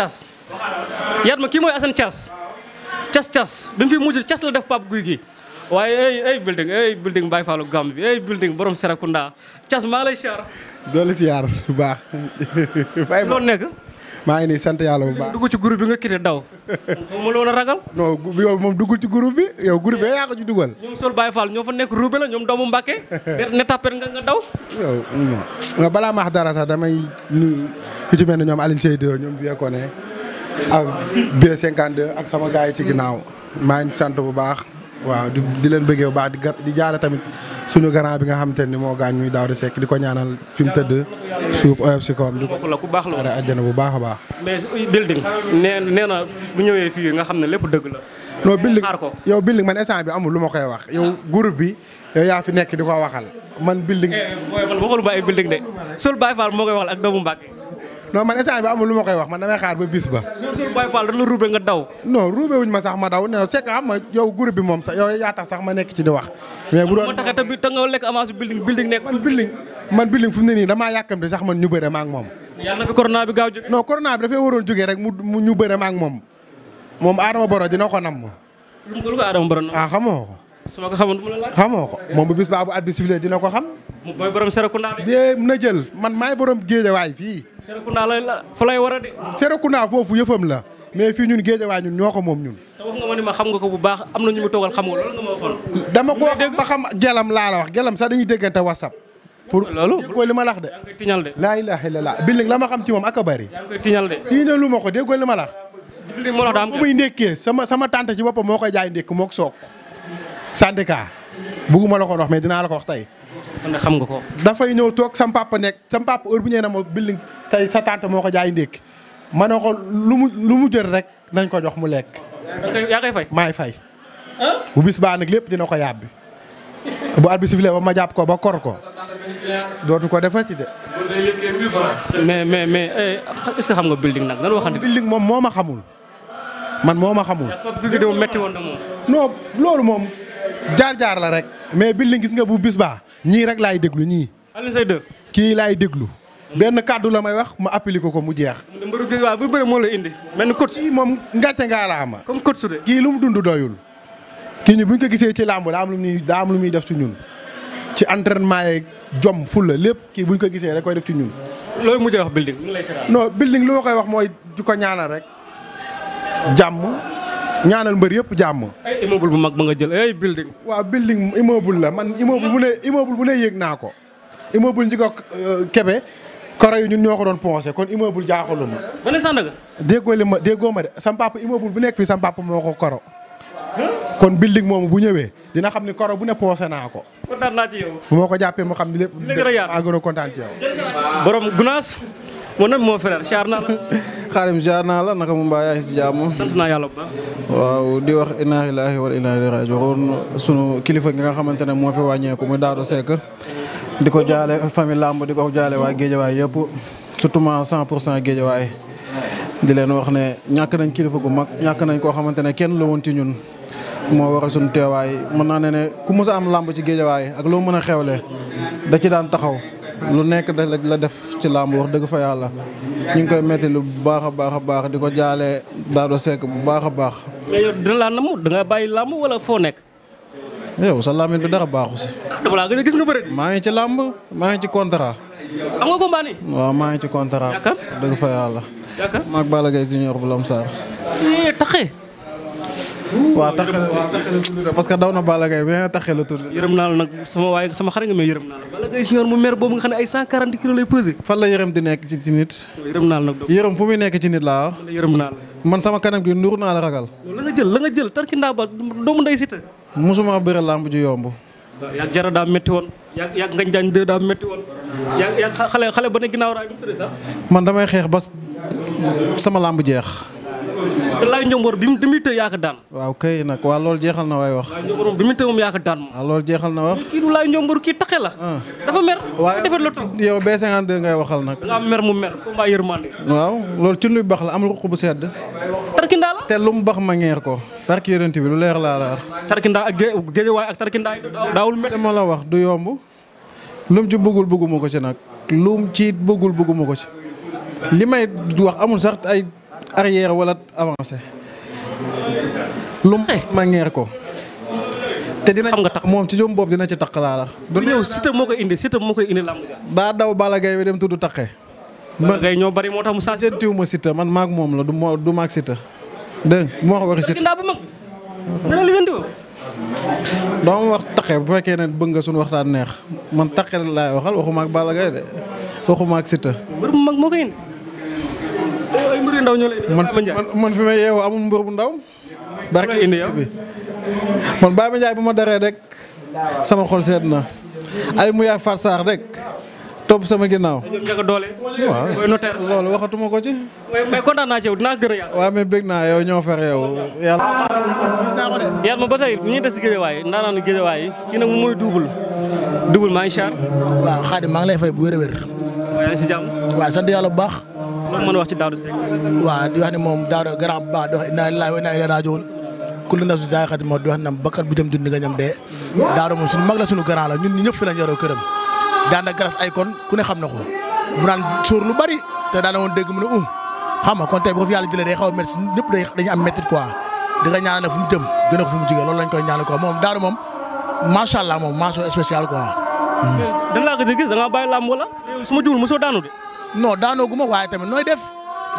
yaat ma kii mooy Assane cas cas cas bi mu fi mujj cas la def Pape Guy gi waaye ay ay building ay building Baye Fallou Gambie bi ay building borom Serakunda cas maa lay siyaar doole siyaar bu baax loolu nekk maa ngi nii sant yàlla bu baax dugg ci groupe bi nga kite daw xawma loolu ragal non yow moom duggul ci groupe bi yow groupe bi yaa ko ci dugal ñoom Sol Baye Fall ñoo fa nekk ruube la ñoom doomu Mbàkke ne tapet nga nga daw yow nga balaa maax wax dara sax damay nuyu ku ci mel ne ñoom Alioune Seyde ñoom Vieux Koné ak ak sama gars yi ci ginnaaw maa ngi sant bu baax waaw di di leen bëggee bu baax di di jaale tamit suñu garant bi nga xamante ni moo gaa ñuy daaw di sekk di ko ñaanal fi mu tëdd suuf oyof si kawam. di ko la ku baax la woon àjjana bu baax a baax. mais euh, building nee nee bu ñëwee fii nga xam ne lépp dëgg la. non building yow building man instant bi amul lu ma koy wax yow groupe bi yow yaa fi nekk di ko waxal man building. Eh, man waxul ma ay building de Sol Baye Fall moo koy waxal ak doomu Mbacke. non man instant bi amul lu ma koy wax man damay xaar ba bis ba. ñoom Baye Fall ruube wuñ ma sax ma daw ne c'est que xam nga yow groupe bi moom sax yow yaa sax ma nekk ci wax. mais bu doon moo tax tamit te nga lekk man building man building nii damaa yàkkamte sax man ñu bëre ma ak moom. yàlla na fi corona bi gaaw jógee. dafay waroon jógee rek mu ñu bëre ma ak moom moom Adama Boro dina ko nam ma. lu mu ko Adama Boro nam ah xamoo su ma ko xamoon du la xamoo ko moom bu bis baa bu at bi sifflé dina ko xam. mooy borom Serekunda de. dee na jël man maay borom géejawaay fii. Serekunda lay la fa lay war a de. Serekunda foofu yëfam la mais fii ñun géejawaay ñun ñoo ko moom ñun. te wax xam nga ko bu baax am na ñu mu toogal xamoo nga ma dama ko wax ba xam gelam laa la wax gelam sax dañuy déggante whatsapp. pour déggoo li ma lax de. yaa ngi koy tiñal de. laa ilaaha la ma xam ci moom ak a bëri. yaa ngi koy ma ko déggoo li ma lax. li ma lax daa am muy ndékkee sama sama tante ci boppa moo koy jaay ndékk mook sook syndicat bugguma la ko wax mais dinaa la ko wax tey. xam nga ko. dafay ñëw toog sam papa nekk sam papa heure bu na ma building tey sa tante moo ko jaay ndékki ma ne ko lu mu lu mu jël rek nañ ko jox mu lekk. yaa koy fay maay fay. bu bis baa nag lépp dina ko yàbbi. bu arbitre sifflé ba ma jàpp ko ba kor ko dootu ko defati de. mais mais mais eh, est xam nga building nag nan waxante. building moom moo ma xamul man moo ma xamul. non loolu moom. jaar-jaar la rek mais Billy gis nga bu bis baa ñii rek laay déglu ñii. Alioune kii laay déglu. benn kàddu la may wax ma appliqué ko ko mu jeex. mbëru gis waaw bu moo la indi. mel ni coach kii moom ngàcce ngaa la ama. comme coach de. kii lu mu dund doyul. kii ñu buñ ko gisee ci làmb daa am lu muy daa lu muy def ci ñun. ci entraînement yeeg jom fulla lépp kii buñ ko gisee rek koy def ci ñun. looy mujjee wax building. non building lu ma koy wax mooy ju ko ñaanal rek. jàmm. ñaanal mbër yëpp jàmm. ay immeuble bu mag ba nga jël ay building. waaw building immeuble la man immeuble bu ne immeuble bu ne yéeg naa ko. immeuble ñi ko kebe koro yi ñun ñoo ko doon poncé kon immeuble jaaxaluma. ma ne Sandaga. déggoo li ma déggoo ma de sam papa immeuble bu nekk fi sam papa moo ko koro. kon building moomu bu ñëwee dina xam ni koro bu ne poncé naa ko. kontaan naa ci ko jàppee mu xam ni lépp. dina gën a kontaan mon ami mon frère siyaar naa la. naa la naka mu mbaa yaa ngi si jàmm. yàlla bu waaw di wax inna lillahi wa inna ilayhi raji'un sunu kilifa gi nga xamante ne moo fi wàññeeku muy Daado Seck. di ko jaale famille làmb di ko jaale waa Géejawaay yëpp surtout ma cent pour cent Géejawaay di leen wax ne ñàkk nañ kilifa gu mag ñàkk nañ koo xamante ne kenn la woon ci ñun. moo waral sunu teewaay mën naa ne ne ku mës a am làmb ci Géejawaay ak loo mën a xewle da ci daan taxaw. lu nekk da la def ci làmb wax dëgg fa yàlla ñu ngi koy metti lu bu baax a baax a baax di ko jaalee Daado Seck bu baax a baax. mais laa namm da nga bàyyi làmb wala foo nekk. yow sa làmb bi dara baaxu si. gis nga maa ngi ci làmb maa ngi ci contrat. am maa ngi ci contrat. dëgg fa yàlla. d'accord maag Balla Gaye junior bu Lamsar. Eh, taxee. waaw tax na parce que daw na Balla Gaye mais taxee la tournée. yërëm naa la nag sama waaye sama xarit nga mais yërëm naa la Balla Gaye ne ay 140 kilos lay pesé. fan la yërëm di nag yërëm fu muy nekk ci nit laa wax. yërëm naa man sama kanam gi nur naa la ragal. la nga jël la nga jël tar ci ndaa ba doomu nday sita. mosuma bëre làmb ju yomb. yaag jara daa métti woon yaag yaag ngañ jaañ deux daa métti woon yaag yaag xale xale ba ne ginnaaw raay bi mu tëddee sax. man damay xeex ba sama lamb jeex te lay njomboor bi bi muy tëj yaa ko daan waaw kay nag waa loolu jeexal na waay wax njomboor bi muy tëj moom um yaa ko daan moom waaw loolu na wax du lay la dafa mer waaye defet la yow B52 ngay waxal nak nga mer mu mer combat yërmande waaw loolu ci luy bax la amul ruq sedd tarkindaa la te lu mu bax ma ngeer ko tarki yonent bi lu leer la ak mer dama la wax du yomb lu mu ci bëggul bëgguma ci nag lu mu ci bëggul ci wax amul sax ay arrière wala avancé lum mangeer ko té dina xam nga tax moom ci jom bob dina ci takk la la do ñew Siteu moko indi Siteu moko indi lamb ba daw bala gay dem tuddu taqe ba gay ño bari moo tax mu sante tiw mo Siteu man maag mom la du du maag Siteu dégg wax waxi Siteu bu mag dara li do mo wax taqe bu fekkee ne bëgg nga suñu waxtaan neex man taqe la waxal waxuma ak bala gay de waxuma ak Siteu bu mak mag moo indi ay mbir yu ndaw ñu lay man fi may yeewoo amul mbir bu ndaw. barke indi yow man Baye Mandiaye bu ma daree rek sama xol seet na Aliou mu yaay Fatou Sarr rek topp sama ginnaaw. waaw loolu waxatuma ko ci. mais kontaan naa ci yow dinaa gën a yàq. waaw mais bëgg naa yow ñoo fexe yow yàlla. yàlla ba tey ñu des ci géejawaay ndaanaanu géejawaay kii nag mooy double double maa ngi waaw Xaadim maa ngi lay fay bu wér-wér. waaw yaa ngi si jàmm. waaw bu baax. loo mën a wax ci di wax ne moom Daouda grand bu di wax inna lillahi wa inna ilayhi raaji'uun kullu nafsin zaa'iqatul mawt di wax ne bakkat bu jëm dund nga ñam dee. Daouda moom suñu mag la suñu grand la ñun ñëpp fi lañ yoroo ko mu naan suur lu bari te daana woon dégg mu ne um xam nga kon tey boo a métti ñëpp day dañu am métti quoi di nga ñaanal fu mu jëm gën a fu mu jigee moom Daouda moom macha allah moom mention spéciale quoi. dan laa ko gis da ngaa bàyyi su ma juul mosoo daanu de. non daanoo gu ma waaye tamit nooy def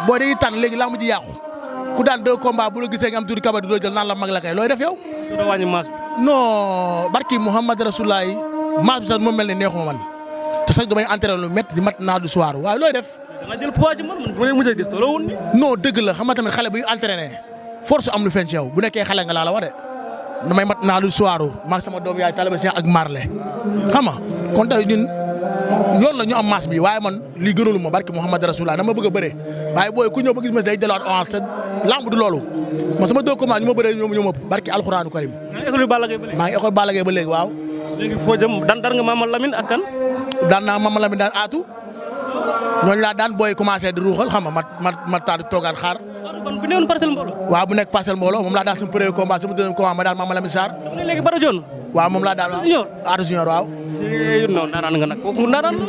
boo dee tànn léegi laa mujj yàqu ku daan deux combats bu la gisee nga am tuuti di doo jël la mag la kay looy def yow. su doon wàññi maas bi. non barki Mouhamad Rasulullah maas bi sax moo mel ne neexuma man te sax damay entraîné lu métti di mat naa du soir waaye looy def. danga jël poids dëgg la xam nga tamit xale bu ñu entraîné force am lu feeñ ci yow bu nekkee xale nga laa la wax de may mat naa du soir maag sama doom yaay Talaba Sène ak Marley xam nga ñun yoon la ñu am masse bi waye man li gënalu ma barki muhammad Rasulullah dama bëgg bëré waye boy ku ñoo bëgg gis ma day delluwaat orange te lamb du lolu ma sama deux commande ñu ma bëree ñoom ñoom ëpp barki alquran karim ma ngi école balagay ba légui waaw légui fo jëm dan dar nga mamal Lamine ak kan dan na mamal Lamine dan atu ñoo la dan boy commencé di ruuxal xam nga ma ma ta taal toogaat xaar bu neewon parcel mbolo waaw bu nekk parcel mbolo mom la daal sun premier combat sun deuxième combat ma daal Mama Lamine Sarr. léegi Bada Dione. waaw moom laa daal waaw Arou Junior waaw. non ndaanaan nga nag kooku ndaanaan la.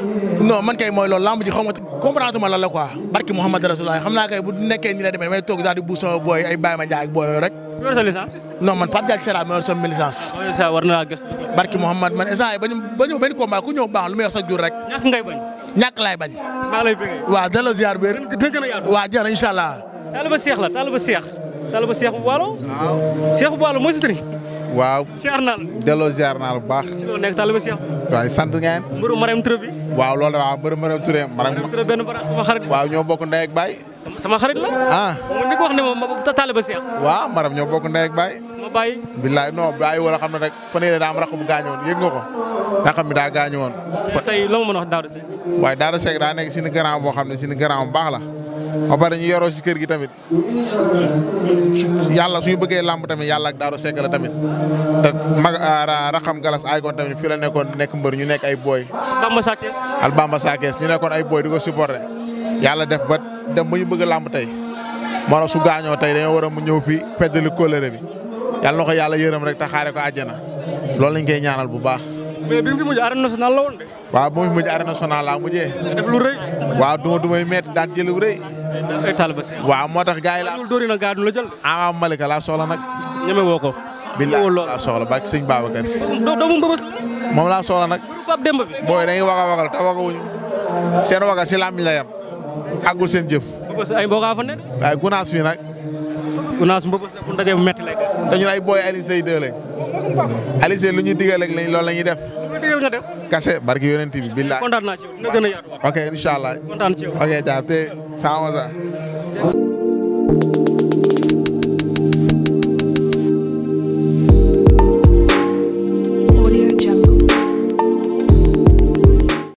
non man kay mooy loolu lamb ji xaw ma comprendre ma lan la quoi barki Mouhamad Rasulullah xam naa kay bu nekkee nii la demee may toog daal di buusoo booy ay Baye Ma Ndiaye booy rek. yor sa licence. non man Pape Diagne Sera ma yor sama oh, barki Mouhamad man instant yii bañu bañu benn combat ku ñëw baax lu may wax sa jur rek. ñàkk ngay bañ. ñàkk laay bañ. maa lay bëggee. ziar bi. dëgg la yaatu. waaw jërëjëf incha allah. Taliba waaw. ziar naa delloo ziar naa la baax. ci loolu nekk taalibe waaye sant ngeen. mbëru Marème Touré waaw loolu la waaw mbëru Marème Touré. Marème Touré benn bara waaw ñoo bokk ndey ak baay. xarit la. ah mu njëkk waaw ñoo bokk ndey ak baay. ma bàyyi. bilaay non wala xam ne rek fan yii daa am rakk bu gaañu woon yëg nga ko. rakam bi daa gaañu woon. tey loo ma mën a wax Daara waaye Daara Seck daa nekk suñu grand boo xam ne sini grand bu baax la ba pare ñu yoro ci kër gi tamit yalla suñu bëggé lamb tamit yalla ak Daaro Seck la tamit te mag ah, raxam galas ay gon tamit fi la nekkon nekk mbeur ñu nekk ay boy Bamba Sakes. al Bamba Sakes ñu nekkon ay boy diko supporté yalla def ba dem ba ñu bëgg lamb tay mo moo su gaño tay dañu wara mu ñëw fi feddali kóllëre bi yalla na yalla yàlla rek te xaare ko aljana loolu lañ koy ñaanal bu baax. mais bi mu fi mujj arène national la won de. waaw bi mu fi mujj arène nationale laa mujjee. def lu reuy waaw duma dumay met daan jël lu reuy ay talba si. waaw moo tax gars yi la. dóori na gaa du la jël. Ama ah, Malika laa soxla nag. ñeme woo ko. billaay laa soxla bak sëñ Babacar Si. moom laa soxla nag. Pape Demba bi. booy dañuy waga wagal seen waga si làmmiñ la yem. àggul seen jëf. Mbëbës ay mbokk fa ne. waaye gunaas fii nag. gunaas Mbëbës bu ndaje bu metti lay dañu ay booy Aliou Seye deux lañ. Aliou Seye lu ñuy digal ak loolu la def. kase barki yonent bi billaay kontaan naa ci yow dina a was out.